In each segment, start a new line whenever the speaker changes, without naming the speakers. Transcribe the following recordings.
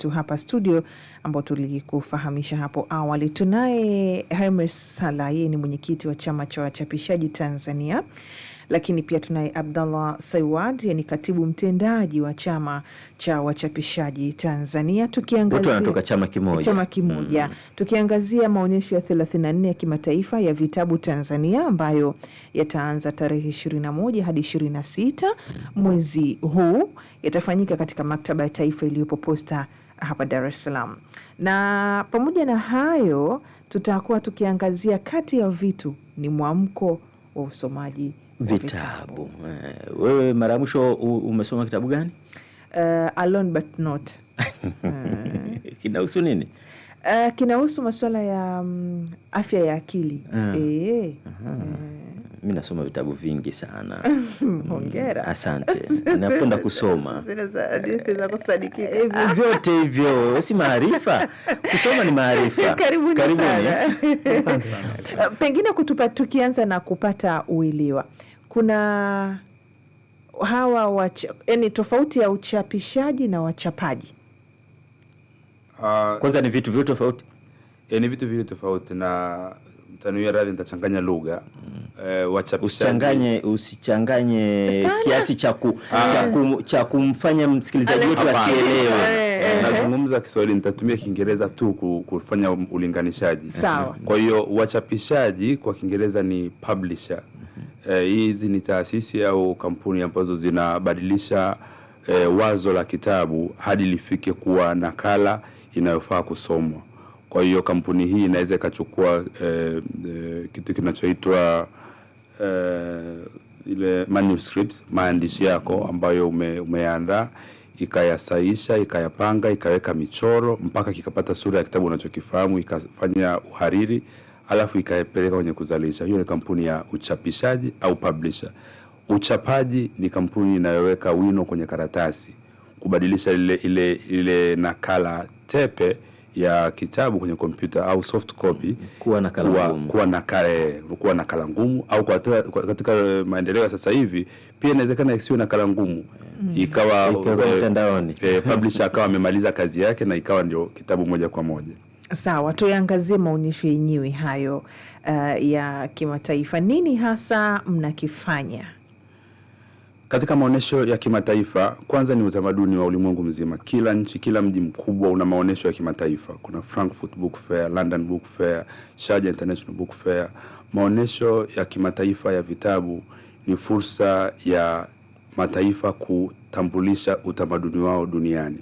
tu hapa studio ambao tulikufahamisha hapo awali. Tunaye Hermes Sala, yeye ni mwenyekiti wa chama cha wachapishaji Tanzania, lakini pia tunaye Abdallah Saiwad, yeye ni katibu mtendaji wa chama cha wachapishaji Tanzania.
Tukiangazia chama kimoja,
chama kimoja. Mm. Tukiangazia maonyesho ya 34 ya kimataifa ya vitabu Tanzania ambayo yataanza tarehe 21 hadi 26 mwezi huu, yatafanyika katika maktaba ya taifa iliyopo Posta hapa Dar es Salaam. Na pamoja na hayo, tutakuwa tukiangazia kati ya vitu ni mwamko wa usomaji
vitabu. Eh, wewe mara ya mwisho umesoma kitabu gani?
Uh, Alone but not uh,
kinahusu nini?
Uh, kinahusu masuala ya um, afya ya akili uh, ah. e, uh -huh.
uh, mi nasoma vitabu vingi sana.
Mm, Hongera.
Asante, napenda kusoma
eh,
eh, vyote hivyo, si maarifa. Kusoma ni maarifa.
Karibuni, karibuni. Eh, pengine kutupa, tukianza na kupata uelewa, kuna hawa wacha, yani tofauti ya uchapishaji na wachapaji.
Uh, kwanza ni vitu vyote tofauti.
ni vitu vile tofauti na Tanzania radhi, nitachanganya lugha mm. Eh, wachapishaji.
Usichanganye kiasi cha ah. cha kumfanya msikilizaji wetu asielewe.
Eh, eh, Nazungumza Kiswahili, nitatumia Kiingereza tu kufanya ulinganishaji. Kwa hiyo wachapishaji kwa Kiingereza ni publisher. Hizi eh, ni taasisi au kampuni ambazo zinabadilisha eh, wazo la kitabu hadi lifike kuwa nakala inayofaa kusomwa. Kwa hiyo kampuni hii inaweza ikachukua e, e, kitu kinachoitwa e, ile manuscript maandishi yako ambayo ume, umeandaa ikayasaisha ikayapanga ikaweka michoro mpaka kikapata sura ya kitabu unachokifahamu ikafanya uhariri alafu ikapeleka kwenye kuzalisha. Hiyo ni kampuni ya uchapishaji au publisher. Uchapaji ni kampuni inayoweka wino kwenye karatasi kubadilisha ile, ile, ile nakala tepe ya kitabu kwenye kompyuta au soft copy
kuwa nakala
ngumu, kuwa nakala ngumu au kwa ta, kwa, katika eh, maendeleo ya sasa hivi pia inawezekana isiwe nakala ngumu mm. ikawa
eh, mtandaoni
e, publisher akawa amemaliza kazi yake na ikawa ndio kitabu moja kwa moja.
Sawa, tuyaangazie maonyesho yenyewe hayo uh, ya kimataifa. Nini hasa mnakifanya?
Katika maonyesho ya kimataifa, kwanza ni utamaduni wa ulimwengu mzima. Kila nchi, kila mji mkubwa una maonyesho ya kimataifa. Kuna Frankfurt Book Fair, London Book Fair, Sharjah International Book Fair. Maonyesho ya kimataifa ya vitabu ni fursa ya mataifa kutambulisha utamaduni wao duniani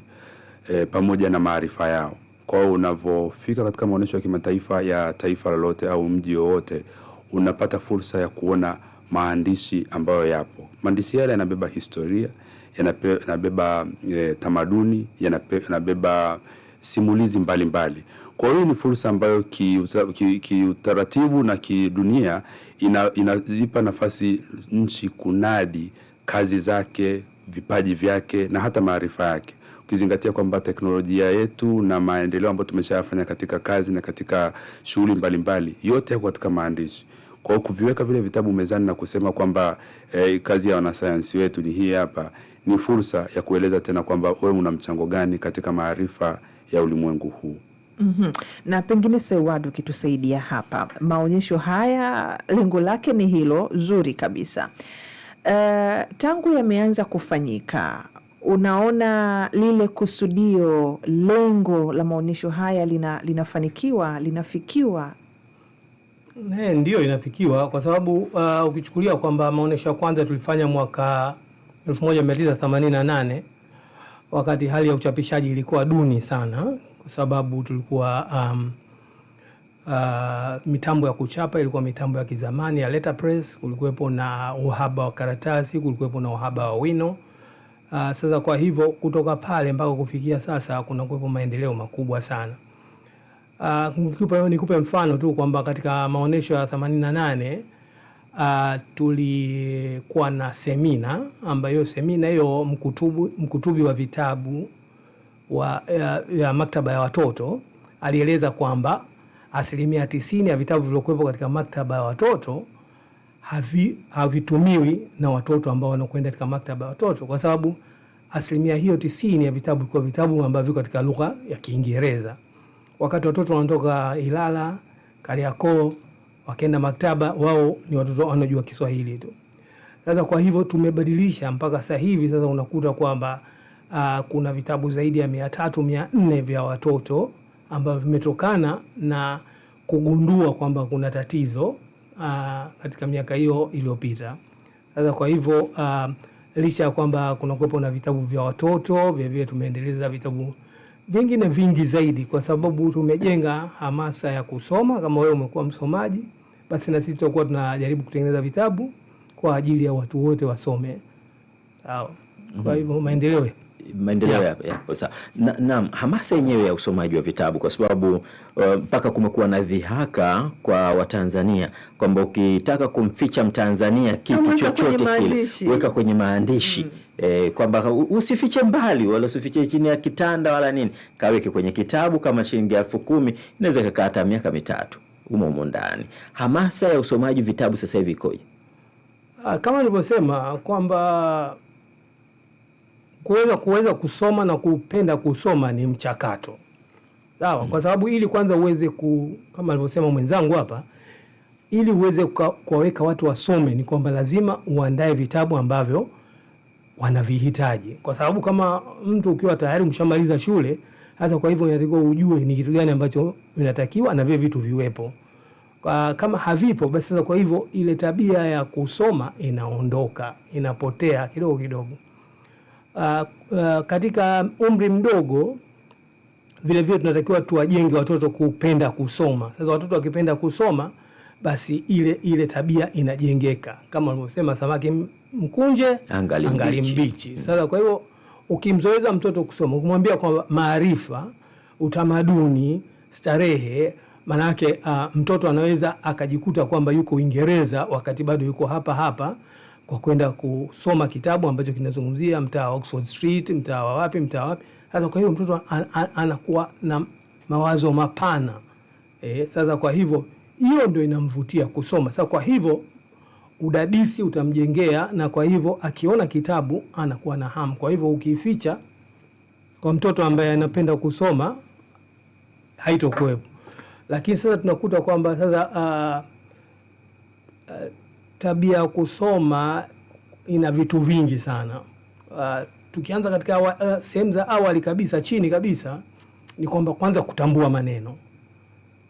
e, pamoja na maarifa yao. Kwa hiyo unavyofika katika maonyesho ya kimataifa ya taifa lolote au mji wowote, unapata fursa ya kuona maandishi ambayo yapo Maandishi yale yanabeba historia, yanabeba e, tamaduni, yanabeba simulizi mbalimbali mbali. Kwa hiyo ni fursa ambayo kiutaratibu ki, ki na kidunia inazipa ina nafasi nchi kunadi kazi zake, vipaji vyake na hata maarifa yake, ukizingatia kwamba teknolojia yetu na maendeleo ambayo tumeshayafanya katika kazi na katika shughuli mbalimbali yote yako katika maandishi. Kwa kuviweka vile vitabu mezani na kusema kwamba eh, kazi ya wanasayansi wetu ni hii hapa, ni fursa ya kueleza tena kwamba wewe una mchango gani katika maarifa ya ulimwengu huu.
Mm -hmm. Na pengine SEWADI ukitusaidia hapa, maonyesho haya lengo lake ni hilo zuri kabisa. Uh, tangu yameanza kufanyika, unaona lile kusudio, lengo la maonyesho haya lina, linafanikiwa linafikiwa
He, eh, ndiyo inafikiwa kwa sababu uh, ukichukulia kwamba maonesho ya kwanza tulifanya mwaka 1988 wakati hali ya uchapishaji ilikuwa duni sana, kwa sababu tulikuwa um, uh, mitambo ya kuchapa ilikuwa mitambo ya kizamani ya letterpress. Kulikuwepo na uhaba wa karatasi, kulikuwepo na uhaba wa wino. Uh, sasa kwa hivyo kutoka pale mpaka kufikia sasa kuna kuwepo maendeleo makubwa sana. Uh, nikupe mfano tu kwamba katika maonyesho ya 88 uh, ah, tulikuwa na semina ambayo semina hiyo mkutubu, mkutubi wa vitabu wa, ya, ya maktaba ya watoto alieleza kwamba asilimia tisini ya vitabu vilivyokuwepo katika maktaba ya watoto havi, havitumiwi na watoto ambao wanakwenda katika maktaba ya watoto kwa sababu asilimia hiyo tisini ya vitabu kwa vitabu ambavyo viko katika lugha ya Kiingereza wakati watoto wanatoka Ilala, Kariakoo wakienda maktaba, wao ni watoto wanajua Kiswahili tu. Sasa kwa hivyo tumebadilisha mpaka sasa hivi, sasa unakuta kwamba uh, kuna vitabu zaidi ya mia tatu mia nne vya watoto ambavyo vimetokana na kugundua kwamba kuna tatizo uh, katika miaka hiyo iliyopita. Sasa kwa hivyo uh, licha ya kwamba kunakuwepo na vitabu vya watoto, vilevile tumeendeleza vitabu vingine vingi zaidi, kwa sababu tumejenga hamasa ya kusoma. Kama wewe umekuwa msomaji, basi na sisi tutakuwa tunajaribu kutengeneza vitabu kwa ajili ya watu wote wasome. Sawa. Mhm. Kwa hivyo maendeleo
maendeleo yapo yeah. na, na hamasa yenyewe ya usomaji wa vitabu kwa sababu uh, mpaka uh, kumekuwa na dhihaka kwa Watanzania kwamba ukitaka kumficha Mtanzania kitu chochote kile weka kwenye maandishi mm. E, kwamba usifiche mbali wala usifiche chini ya kitanda wala nini, kaweke kwenye kitabu. Kama shilingi elfu kumi inaweza kukaa hata miaka mitatu umo umo ndani. Hamasa ya usomaji vitabu sasa hivi ikoje?
Ah, kama nilivyosema kwamba kuweza kuweza kusoma na kupenda kusoma ni mchakato sawa, mm. Kwa sababu ili kwanza uweze ku, kama alivyosema mwenzangu hapa, ili uweze kuwaweka watu wasome ni kwamba lazima uandae vitabu ambavyo wanavihitaji, kwa sababu kama mtu ukiwa tayari umshamaliza shule sasa, kwa hivyo inatakiwa ujue ni kitu gani ambacho inatakiwa na vile vitu viwepo kwa, kama havipo basi sasa, kwa hivyo ile tabia ya kusoma inaondoka inapotea kidogo kidogo. Uh, uh, katika umri mdogo vilevile tunatakiwa tuwajenge watoto kupenda kusoma. Sasa watoto wakipenda kusoma basi ile ile tabia inajengeka, kama ulivyosema, samaki mkunje
angali, angali mbichi.
Mm. Sasa kwa hivyo ukimzoeza mtoto kusoma, ukimwambia kwa maarifa, utamaduni, starehe Manake uh, mtoto anaweza akajikuta kwamba yuko Uingereza wakati bado yuko hapa hapa, kwa kwenda kusoma kitabu ambacho kinazungumzia mtaa wa Oxford Street, mtaa wa wapi, mtaa wapi. Sasa kwa hivyo mtoto an, an, anakuwa na mawazo mapana eh, sasa kwa hivyo hiyo ndio inamvutia kusoma. Sasa kwa hivyo udadisi utamjengea, na kwa hivyo akiona kitabu anakuwa na hamu. Kwa hivyo ukificha kwa mtoto ambaye anapenda kusoma haitokuwepo. Lakini sasa tunakuta kwamba sasa uh, uh, tabia ya kusoma ina vitu vingi sana. Uh, tukianza katika uh, sehemu za awali kabisa, chini kabisa, ni kwamba kwanza kutambua maneno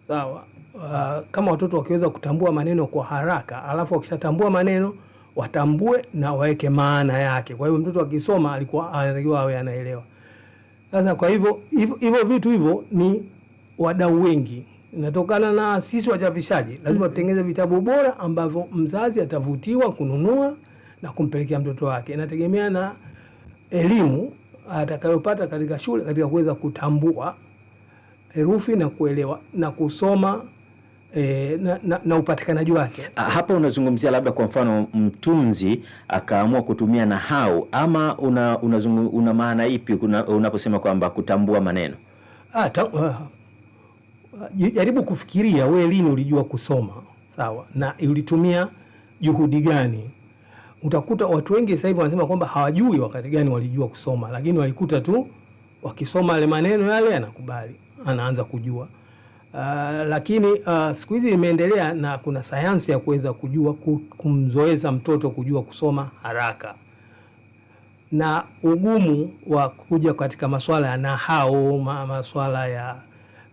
sawa uh, kama watoto wakiweza kutambua maneno kwa haraka, alafu wakishatambua maneno watambue na waweke maana yake. Kwa hiyo mtoto akisoma alikuwa anatakiwa awe anaelewa. Sasa kwa hivyo hivyo vitu hivyo ni wadau wengi, inatokana na sisi wachapishaji, lazima tutengeze vitabu bora ambavyo mzazi atavutiwa kununua na kumpelekea mtoto wake. Inategemea na elimu atakayopata katika shule katika kuweza kutambua herufi na kuelewa na kusoma e, na, na, na upatikanaji wake.
Ah, hapa unazungumzia labda kwa mfano mtunzi akaamua kutumia nahau ama una, una, una maana ipi unaposema una kwamba kutambua maneno?
Ah, ta, uh, jaribu kufikiria wewe lini ulijua kusoma sawa, na ulitumia juhudi gani? Utakuta watu wengi sasa hivi wanasema kwamba hawajui wakati gani walijua kusoma, lakini walikuta tu wakisoma yale maneno yale, anakubali, anaanza kujua. Uh, lakini uh, siku hizi imeendelea na kuna sayansi ya kuweza kujua kumzoeza mtoto kujua kusoma haraka na ugumu wa kuja katika maswala ya nahau ma, maswala ya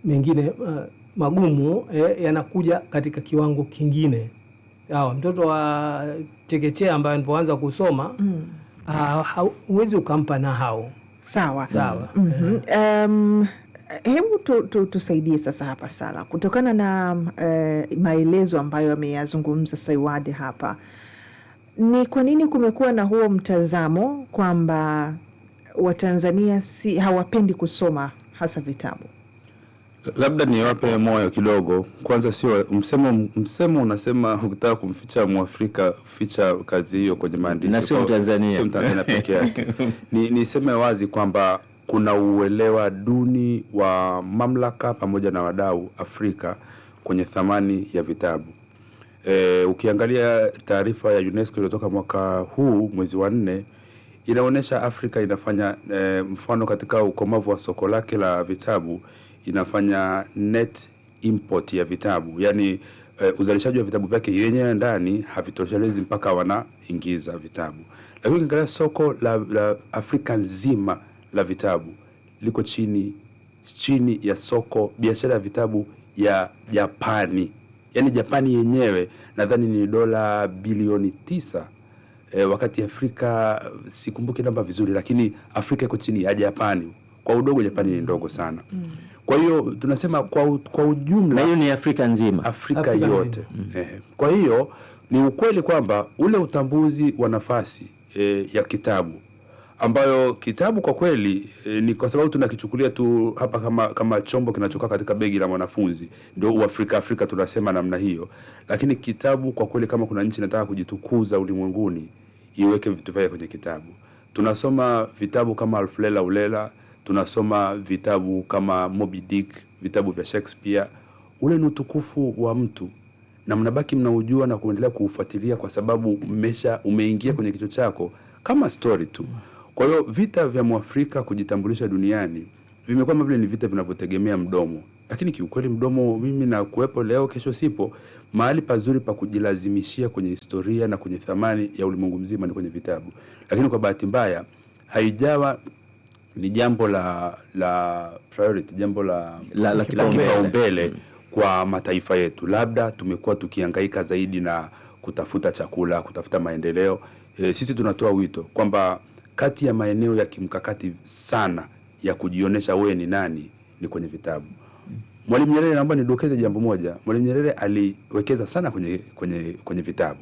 mengine uh, magumu eh, yanakuja katika kiwango kingine. Awa, mtoto wa chekechea ambaye anapoanza kusoma mm. uh, huwezi ukampa nahau sawa, sawa.
Mm -hmm. eh. um... Hebu tu, tu, tusaidie sasa hapa Sala, kutokana na eh, maelezo ambayo ameyazungumza Saiwadi hapa, ni kwa nini kumekuwa na huo mtazamo kwamba Watanzania si hawapendi kusoma hasa vitabu?
Labda niwape moyo kidogo kwanza. Sio msemo, msemo unasema ukitaka kumficha Mwafrika ficha kazi hiyo kwenye maandishi,
na sio Mtanzania
peke yake. Niseme wazi kwamba kuna uelewa duni wa mamlaka pamoja na wadau Afrika kwenye thamani ya vitabu. E, ukiangalia taarifa ya UNESCO iliyotoka mwaka huu mwezi wa nne inaonyesha Afrika inafanya e, mfano katika ukomavu wa soko lake la vitabu inafanya net import ya vitabu yaani, e, uzalishaji wa vitabu vyake yenyewe ndani havitoshelezi mpaka wanaingiza vitabu, lakini ukiangalia soko la, la Afrika nzima la vitabu liko chini chini ya soko biashara ya vitabu ya Japani. Yaani Japani yenyewe nadhani ni dola bilioni tisa e, wakati Afrika sikumbuki namba vizuri, lakini Afrika iko chini ya Japani kwa udogo. Japani ni ndogo sana mm. Kwa hiyo tunasema kwa, kwa ujumla
hiyo ni Afrika nzima,
Afrika, Afrika yote mm. e, kwa hiyo ni ukweli kwamba ule utambuzi wa nafasi e, ya kitabu ambayo kitabu kwa kweli eh, ni kwa sababu tunakichukulia tu hapa kama, kama chombo kinachokaa katika begi la mwanafunzi, ndio Uafrika Afrika tunasema namna hiyo, lakini kitabu kwa kweli, kama kuna nchi inataka kujitukuza ulimwenguni, iweke vitu vyake kwenye kitabu. Tunasoma vitabu kama Alfu ulela tunasoma vitabu kama Moby Dick, vitabu vya Shakespeare. Ule ni utukufu wa mtu na mnabaki mnaujua na kuendelea kuufuatilia kwa sababu mmesha umeingia kwenye kichwa chako kama story tu. Kwa hiyo vita vya Mwafrika kujitambulisha duniani vimekuwa kama vile ni vita vinavyotegemea mdomo, lakini kiukweli mdomo, mimi na kuwepo leo, kesho sipo. Mahali pazuri pa kujilazimishia kwenye historia na kwenye thamani ya ulimwengu mzima ni kwenye vitabu, lakini kwa bahati mbaya haijawa ni jambo la la priority, jambo la
la, la kipaumbele
kwa mataifa yetu. Labda tumekuwa tukihangaika zaidi na kutafuta chakula, kutafuta maendeleo. E, sisi tunatoa wito kwamba kati ya maeneo ya kimkakati sana ya kujionyesha wewe ni nani ni kwenye vitabu. Mwalimu Nyerere, naomba nidokeze jambo moja. Mwalimu Nyerere aliwekeza sana kwenye, kwenye, kwenye vitabu.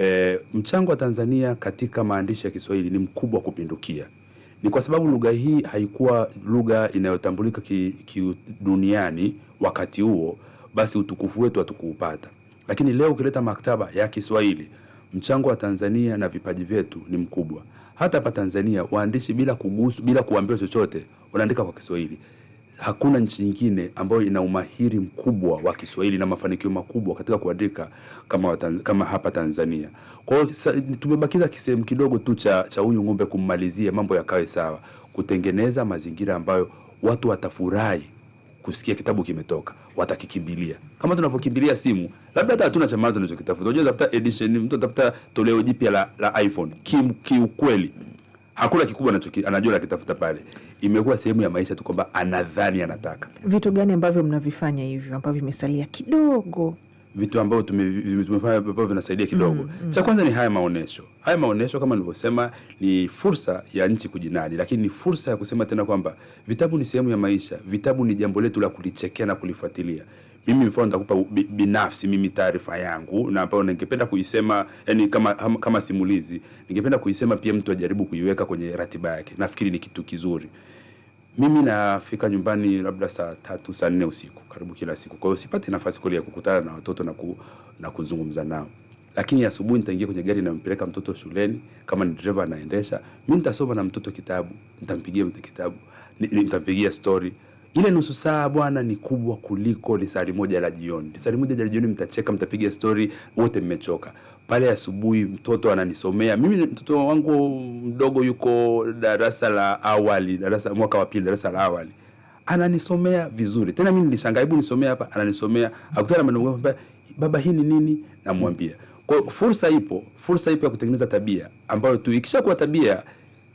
E, mchango wa Tanzania katika maandishi ya Kiswahili ni mkubwa kupindukia. Ni kwa sababu lugha hii haikuwa lugha inayotambulika kiduniani ki wakati huo, basi utukufu wetu hatukuupata, lakini leo ukileta maktaba ya Kiswahili mchango wa Tanzania na vipaji vyetu ni mkubwa. Hata hapa Tanzania waandishi bila kugusu, bila kuambiwa chochote wanaandika kwa Kiswahili. Hakuna nchi nyingine ambayo ina umahiri mkubwa wa Kiswahili na mafanikio makubwa katika kuandika kama, kama hapa Tanzania. Kwa hiyo tumebakiza kisehemu kidogo tu cha cha huyu ng'ombe kummalizia mambo yakawe sawa, kutengeneza mazingira ambayo watu watafurahi kusikia kitabu kimetoka, watakikimbilia kama tunavyokimbilia simu. Labda hata hatuna chama maana tunachokitafuta, unajua tafuta edition, mtu atafuta toleo jipya la, la iPhone kim kiukweli hakuna kikubwa anachoki anajua akitafuta pale. Imekuwa sehemu ya maisha tu kwamba anadhani anataka
vitu gani ambavyo mnavifanya hivyo ambavyo vimesalia kidogo
vitu ambavyo tumefanya ambavyo vinasaidia mm, kidogo. mm mm. Cha kwanza ni haya maonesho. Haya maonesho kama nilivyosema, ni fursa ya nchi kujinadi, lakini ni fursa ya kusema tena kwamba vitabu ni sehemu ya maisha. Vitabu ni jambo letu la kulichekea na kulifuatilia. Mimi mfano nitakupa binafsi mimi taarifa yangu na ambayo ningependa kuisema, yani kama, kama simulizi ningependa kuisema pia mtu ajaribu kuiweka kwenye ratiba yake. Nafikiri ni kitu kizuri. Mimi nafika nyumbani labda saa tatu saa nne usiku karibu kila siku, kwa hiyo sipati nafasi kweli ya kukutana na watoto na, ku, na kuzungumza nao, lakini asubuhi nitaingia kwenye gari nampeleka mtoto shuleni, kama ni dereva anaendesha, mimi nitasoma na mtoto kitabu, nitampigia mtoto kitabu, nitampigia stori ile nusu saa bwana ni kubwa kuliko lisali moja la jioni. Lisali moja la jioni mtacheka, mtapiga story, wote mmechoka. Pale asubuhi mtoto ananisomea. Mimi mtoto wangu mdogo yuko darasa la awali, darasa mwaka wa pili, darasa la awali. Ananisomea vizuri. Tena mimi nilishangaa, hebu nisomea hapa, ananisomea. Akutana na mwanangu, baba hii ni nini? Namwambia. Kwa fursa ipo, fursa ipo ya kutengeneza tabia ambayo tu ikishakuwa tabia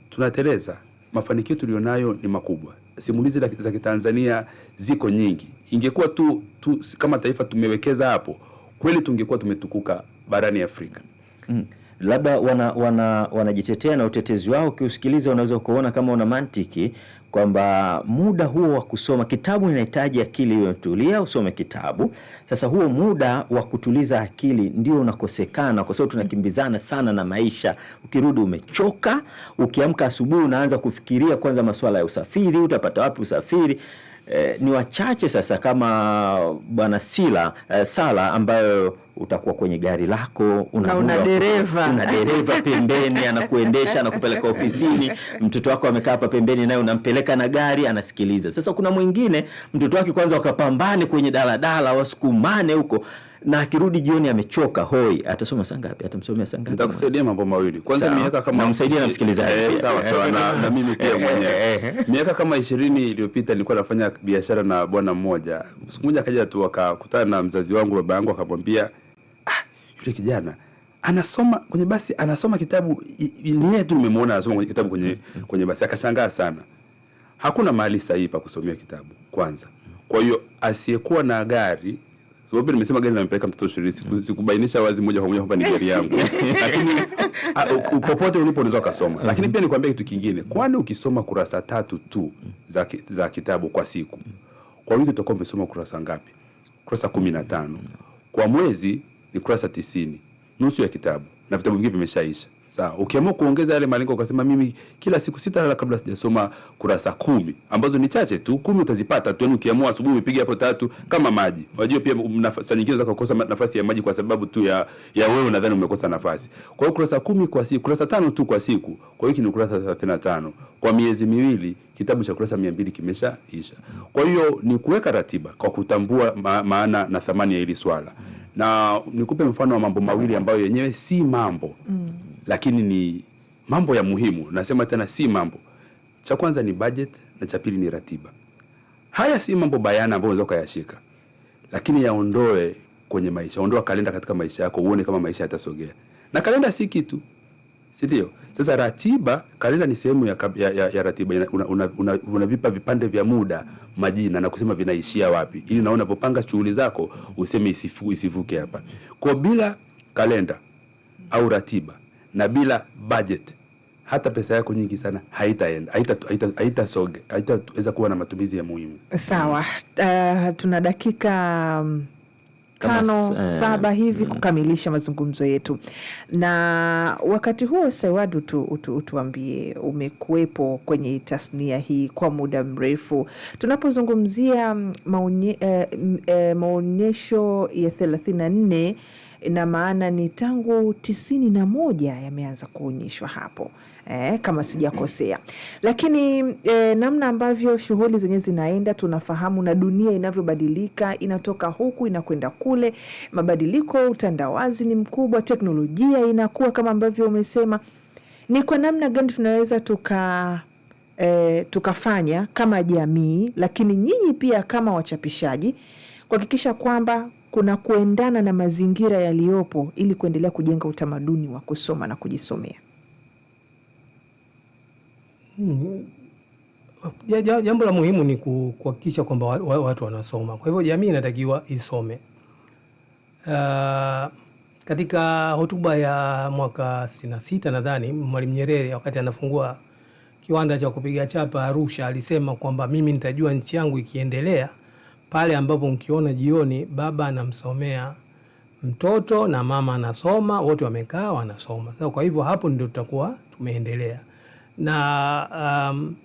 tunateleza. Mafanikio tulionayo ni makubwa simulizi za Kitanzania ziko nyingi. Ingekuwa tu, tu kama taifa tumewekeza hapo kweli, tungekuwa tumetukuka barani Afrika.
mm. Labda wanajitetea wana, wana na utetezi wao, ukiusikiliza unaweza kuona kama una mantiki kwamba muda huo wa kusoma kitabu inahitaji akili iliyotulia, usome kitabu. Sasa huo muda wa kutuliza akili ndio unakosekana, kwa sababu tunakimbizana sana na maisha. Ukirudi umechoka, ukiamka asubuhi unaanza kufikiria kwanza masuala ya usafiri, utapata wapi usafiri Eh, ni wachache sasa kama bwana Sila eh, Sala ambayo utakuwa kwenye gari lako
una, dereva una
dereva pembeni anakuendesha anakupeleka ofisini. Mtoto wako amekaa hapa pembeni, naye unampeleka na gari, anasikiliza. Sasa kuna mwingine mtoto wake kwanza wakapambane kwenye daladala, wasukumane huko na akirudi jioni amechoka hoi, atasoma saa ngapi? Atamsomea saa ngapi?
Nitakusaidia mambo mawili. Kwanza miaka kama
namsaidia na msikilizaji
eh, sawa sawa na, na mimi pia eh, eh, mwenyewe eh, miaka kama ishirini iliyopita nilikuwa nafanya biashara na bwana mmoja. Siku moja akaja tu akakutana na mzazi wangu, baba yangu akamwambia, ah, yule kijana anasoma kwenye basi, anasoma kitabu. Ni yeye tu nimemwona anasoma kwenye kitabu kwenye, kwenye basi. Akashangaa sana, hakuna mahali sahihi pa kusomea kitabu kwanza. Kwa hiyo asiyekuwa na gari sababu nimesema gari limepeleka mtoto shuleni, mm. sikubainisha wazi moja kwa moja kwamba ni gari yangu, lakini popote ulipo unaweza ukasoma. Mm-hmm. Lakini pia nikwambia kitu kingine, kwani ukisoma kurasa tatu tu za, za kitabu kwa siku, kwa wiki utakuwa umesoma kurasa ngapi? Kurasa kumi na tano. Kwa mwezi ni kurasa tisini, nusu ya kitabu, na vitabu vingi vimeshaisha. Sawa, ukiamua kuongeza yale malengo ukasema mimi kila siku sitalala kabla sijasoma kurasa kumi ambazo ni chache tu, kumi utazipata tu. Yani ukiamua asubuhi umepiga hapo tatu kama maji. Unajua pia nafasi nyingine za kukosa nafasi ya maji kwa sababu tu ya ya wewe unadhani umekosa nafasi. Kwa hiyo kurasa kumi kwa siku, kurasa tano tu kwa siku. Kwa hiyo ni kurasa tano Kwa miezi miwili kitabu cha kurasa 200 kimeshaisha. Kwa hiyo ni kuweka ratiba kwa kutambua ma maana na thamani ya hili swala na nikupe mfano wa mambo mawili ambayo yenyewe si mambo mm lakini ni mambo ya muhimu. Nasema tena, si mambo cha kwanza ni budget na cha pili ni ratiba. Haya si mambo bayana ambayo unaweza kuyashika, lakini yaondoe kwenye maisha. Ondoa kalenda katika maisha yako, uone kama maisha yatasogea. Na kalenda si kitu, si ndio? Sasa ratiba, kalenda ni sehemu ya, ya, ya, ya ratiba. Unavipa una, una, una vipande vya muda majina na kusema vinaishia wapi, ili na unapopanga shughuli zako useme isifu, isivuke hapa. Kwa bila kalenda au ratiba na bila budget hata pesa yako nyingi sana haitaenda haitaweza haita, haita haita kuwa na matumizi ya muhimu.
Sawa. Uh, tuna dakika mm, tano Kamas, uh, eh, saba hivi mm, kukamilisha mazungumzo yetu, na wakati huo Sawad, utu, utuambie umekuwepo kwenye tasnia hii kwa muda mrefu. Tunapozungumzia mm, maonyesho uh, eh, uh, maonyesho ya thelathini na nne na maana ni tangu tisini na moja yameanza kuonyeshwa hapo eh, kama sijakosea. Lakini eh, namna ambavyo shughuli zenyewe zinaenda, tunafahamu na dunia inavyobadilika, inatoka huku inakwenda kule, mabadiliko, utandawazi ni mkubwa, teknolojia inakuwa kama ambavyo umesema. Ni kwa namna gani tunaweza tuka eh, tukafanya kama jamii, lakini nyinyi pia kama wachapishaji kuhakikisha kwamba kuna kuendana na mazingira yaliyopo ili kuendelea kujenga utamaduni wa kusoma na kujisomea.
hmm Jambo la muhimu ni kuhakikisha kwamba watu wanasoma. Kwa hivyo jamii inatakiwa isome. Uh, katika hotuba ya mwaka 66 nadhani Mwalimu Nyerere wakati anafungua kiwanda cha kupiga chapa Arusha alisema kwamba mimi nitajua nchi yangu ikiendelea pale ambapo mkiona jioni baba anamsomea mtoto na mama anasoma, wote wamekaa wanasoma. Sasa kwa hivyo hapo ndio tutakuwa tumeendelea na um,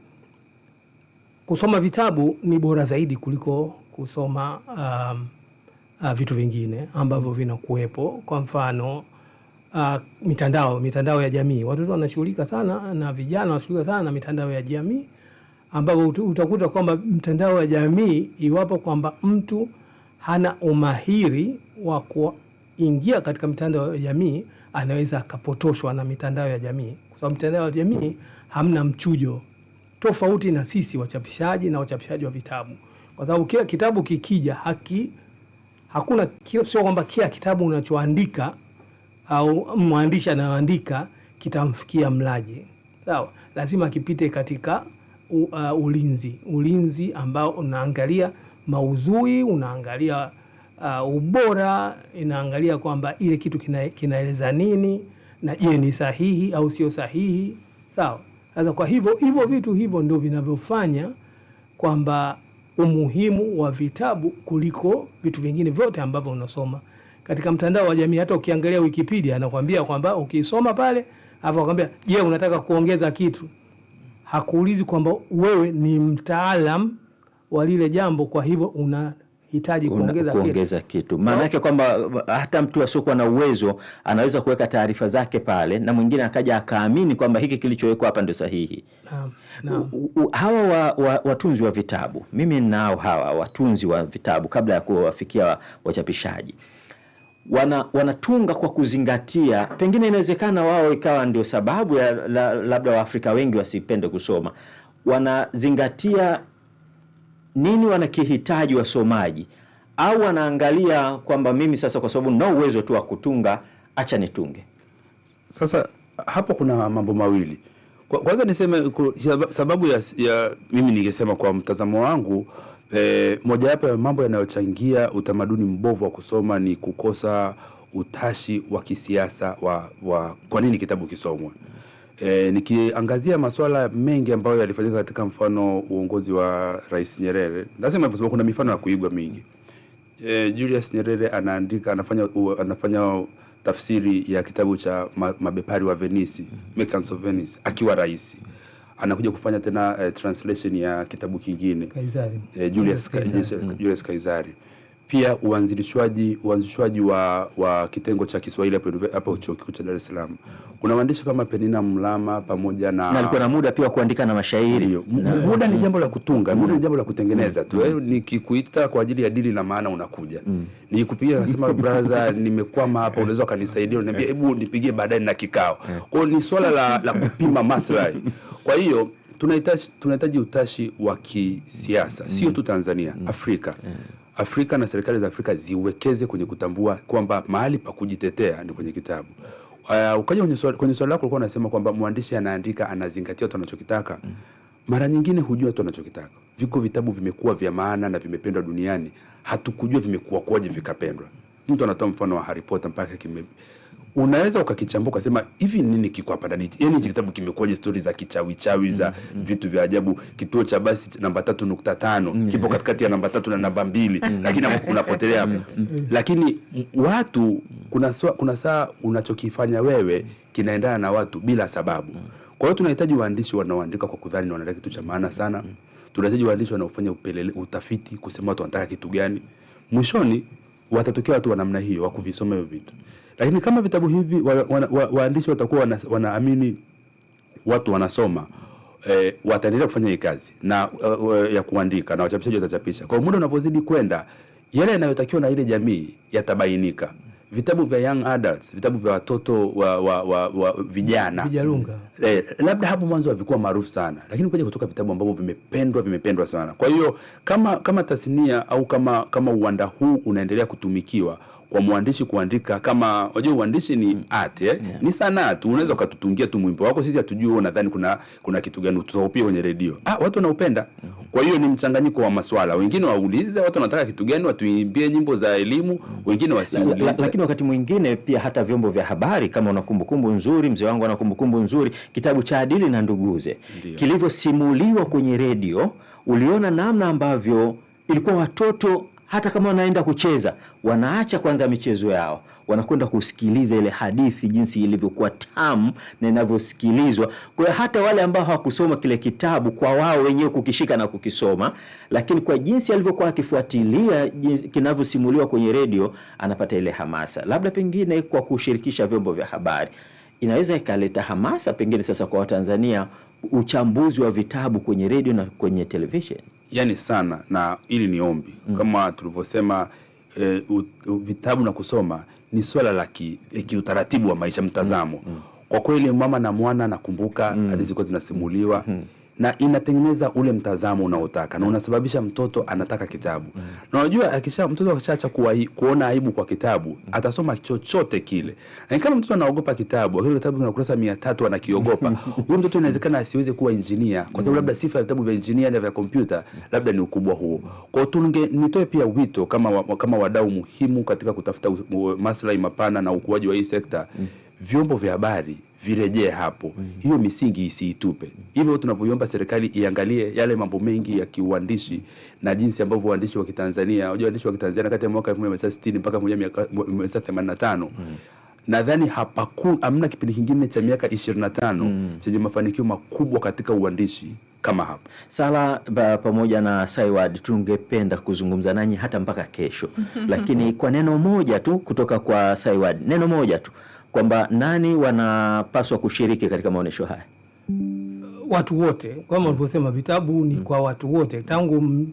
kusoma vitabu ni bora zaidi kuliko kusoma um, uh, vitu vingine ambavyo vinakuwepo. Kwa mfano uh, mitandao mitandao ya jamii, watoto wanashughulika sana na vijana wanashughulika sana na mitandao ya jamii ambapo utakuta kwamba mtandao wa jamii, iwapo kwamba mtu hana umahiri wa kuingia katika mitandao ya jamii, anaweza akapotoshwa na mitandao ya jamii, kwa sababu mitandao ya jamii hamna mchujo, tofauti na sisi wachapishaji na wachapishaji wa vitabu, kwa sababu kila kitabu kikija haki hakuna sio kwamba kila kitabu unachoandika au mwandishi anayoandika kitamfikia mlaji, sawa. Lazima kipite katika uh, ulinzi ulinzi ambao unaangalia maudhui, unaangalia uh, ubora, inaangalia kwamba ile kitu kina, kinaeleza nini na je ni sahihi au sio sahihi, sawa. Sasa kwa hivyo hivyo vitu hivyo ndio vinavyofanya kwamba umuhimu wa vitabu kuliko vitu vingine vyote ambavyo unasoma katika mtandao wa jamii. Hata ukiangalia Wikipedia anakwambia kwamba ukisoma pale, afu akwambia, je, unataka kuongeza kitu hakuulizi kwamba wewe ni mtaalam wa lile jambo, kwa hivyo unahitaji kuongeza, kuongeza kitu.
Maana yake kwamba uh, hata mtu asiokuwa na uwezo anaweza kuweka taarifa zake pale, na mwingine akaja akaamini kwamba hiki kilichowekwa hapa ndio sahihi. Naam, hawa wa, wa, watunzi wa vitabu, mimi nao hawa watunzi wa vitabu kabla ya kuwafikia wachapishaji wa wana, wanatunga kwa kuzingatia, pengine inawezekana wao ikawa ndio sababu ya la, labda Waafrika wengi wasipende kusoma. Wanazingatia nini wanakihitaji wasomaji, au wanaangalia kwamba mimi sasa, kwa sababu ninao uwezo tu wa kutunga, acha nitunge.
Sasa hapo kuna mambo mawili. Kwanza niseme sababu ya, ya mimi ningesema kwa mtazamo wangu E, mojawapo ya mambo yanayochangia utamaduni mbovu wa kusoma ni kukosa utashi wa kisiasa wa, wa kwa nini kitabu kisomwe. E, nikiangazia masuala mengi ambayo yalifanyika katika mfano uongozi wa Rais Nyerere, nasema hivyo sababu kuna mifano ya kuigwa mingi. E, Julius Nyerere anaandika anafanya, u, anafanya tafsiri ya kitabu cha mabepari wa Venisi, Merchants of Venice akiwa rais anakuja kufanya tena eh, translation ya kitabu kingine eh, Julius, Julius, mm. Julius Kaisari pia uanzilishwaji uanzishwaji wa, wa kitengo cha Kiswahili hapo chuo kikuu cha Dar es Salaam kuna waandishi kama Penina Mlama pamoja na
na alikuwa na muda pia wa kuandika na mashairi.
Muda ni jambo la kutunga, muda ni mm. jambo la kutengeneza tu. Wewe mm. nikikuita kwa ajili ya dili na maana unakuja, nikupigia nasema brother, nimekwama hapa, unaweza kanisaidia unaniambia eh. hebu nipigie baadaye na kikao. Eh. Kwa hiyo ni swala la, la kupima maslahi kwa hiyo tunahitaji tunahitaji utashi wa kisiasa mm. sio tu Tanzania mm. Afrika yeah. Afrika na serikali za Afrika ziwekeze kwenye kutambua kwamba mahali pa kujitetea ni kwenye kitabu. Uh, ukaja kwenye swali lako ulikuwa unasema kwamba mwandishi anaandika anazingatia watu wanachokitaka mm. Mara nyingine hujua watu wanachokitaka. Viko vitabu vimekuwa vya maana na vimependwa duniani, hatukujua vimekuwa kwaje vikapendwa. Mtu anatoa mfano wa Harry Potter mpaka kime unaweza ukakichambua ukasema hivi nini kiko hapa ndani, yani hichi kitabu kimekuwaje? Stori za kichawi chawi za mm -hmm. vitu vya ajabu. Kituo cha basi namba tatu nukta tano mm -hmm. kipo katikati ya namba tatu na namba mbili mm -hmm. lakini unapotelea hapo mm -hmm. lakini watu, kuna swa, kuna saa unachokifanya wewe kinaendana na watu bila sababu. Mm. Kwa hiyo tunahitaji waandishi wanaoandika kwa kudhani wanaleta kitu cha maana sana. Mm. Tunahitaji waandishi wanaofanya upelele utafiti, kusema watu wanataka kitu gani. Mwishoni watatokea watu wa namna hiyo, wa kuvisoma hivyo vitu. Lakini kama vitabu hivi waandishi wa, wa, wa, wa watakuwa wana, wanaamini watu wanasoma e, wataendelea kufanya hii kazi na uh, ya kuandika na wachapishaji watachapisha. Kwa muda unapozidi kwenda, yale yanayotakiwa na ile jamii yatabainika. Vitabu vya young adults, vitabu vya watoto wa, wa, wa, wa vijana vijarunga, eh, labda hapo mwanzo havikuwa maarufu sana, lakini kuja kutoka vitabu ambavyo vimependwa vimependwa sana. Kwa hiyo kama kama tasnia au kama kama uwanda huu unaendelea kutumikiwa kwa mwandishi kuandika, kama unajua uandishi ni mm. art eh? yeah. ni sanaa tu, unaweza ukatutungia tu mwimbo wako, sisi hatujui wewe unadhani kuna kuna kitu gani tutaupia kwenye redio, ah, watu wanaupenda. Mm-hmm. Kwa hiyo ni mchanganyiko wa maswala, wengine waulize watu wanataka kitu gani, watuimbie nyimbo za elimu, wengine wasiulize. la, la,
la, wakati mwingine pia hata vyombo vya habari, kama una kumbukumbu nzuri, mzee wangu ana kumbukumbu nzuri, kitabu cha Adili na Nduguze kilivyosimuliwa kwenye redio, uliona namna ambavyo ilikuwa watoto hata kama wanaenda kucheza, wanaacha kwanza michezo yao, wanakwenda kusikiliza ile hadithi jinsi ilivyokuwa tamu na inavyosikilizwa. Kwa hiyo hata wale ambao hawakusoma kile kitabu, kwa wao wenyewe kukishika na kukisoma, lakini kwa jinsi alivyokuwa akifuatilia kinavyosimuliwa kwenye redio, anapata ile hamasa. Labda pengine kwa kushirikisha vyombo vya habari inaweza ikaleta hamasa pengine sasa kwa Watanzania, uchambuzi wa vitabu kwenye redio na kwenye televisheni
yani sana, na hili ni ombi mm. kama tulivyosema e, vitabu na kusoma ni swala la eh, kiutaratibu wa maisha mtazamo mm. Mm. kwa kweli mama na mwana nakumbuka mm. hadithi zilikuwa zinasimuliwa mm na inatengeneza ule mtazamo unaotaka na unasababisha mtoto anataka kitabu mm. na unajua akisha mtoto akishaacha kuona aibu kwa kitabu mm. atasoma chochote kile, na kama mtoto anaogopa kitabu, akio kitabu kina kurasa 300 anakiogopa huyo mtoto inawezekana asiweze kuwa injinia, kwa sababu mm. labda sifa ya vitabu vya injinia na vya kompyuta labda ni ukubwa huo. Kwa tunge nitoe pia wito kama kama wadau muhimu katika kutafuta maslahi mapana na ukuaji wa hii sekta mm. vyombo vya habari virejee hapo mm. Hiyo misingi isiitupe hivyo. Tunavyoiomba serikali iangalie yale mambo mengi ya kiuandishi na jinsi ambavyo waandishi wa Kitanzania, unajua waandishi wa Kitanzania kati ya mwaka 1960 mpaka 1985 mm. Nadhani hapaku amna kipindi kingine cha miaka 25 mm. chenye mafanikio makubwa katika uandishi kama hapa.
Sala ba, pamoja na Saiwad tungependa kuzungumza nanyi hata mpaka kesho, lakini kwa neno moja tu kutoka kwa Saiwad, neno moja tu kwamba nani wanapaswa kushiriki katika maonyesho haya?
Watu wote, kama ulivyosema, vitabu ni mm. kwa watu wote tangu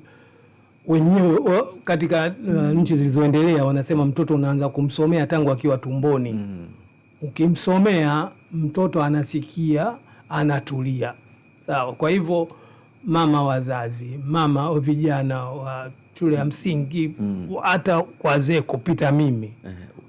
wenyewe katika uh, nchi zilizoendelea wanasema mtoto unaanza kumsomea tangu akiwa tumboni mm. Ukimsomea mtoto anasikia, anatulia. Sawa. Kwa hivyo mama wazazi, mama vijana wa shule ya msingi mm. hata mm. wazee kupita mimi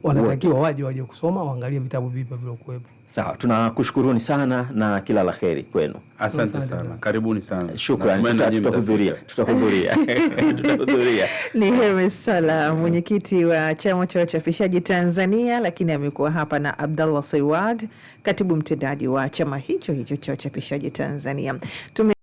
wanatakiwa waje waje kusoma waangalie vitabu vipya vilokuwepo
Sawa, tunakushukuruni sana na kila la heri kwenu.
Asante sana, karibuni sana,
shukrani. Tutahudhuria, tutahudhuria, tutahudhuria.
Ni Hermes Sala, mwenyekiti wa chama cha wachapishaji Tanzania, lakini amekuwa hapa na Abdallah Saiwad, katibu mtendaji wa chama hicho hicho cha wachapishaji Tanzania Tume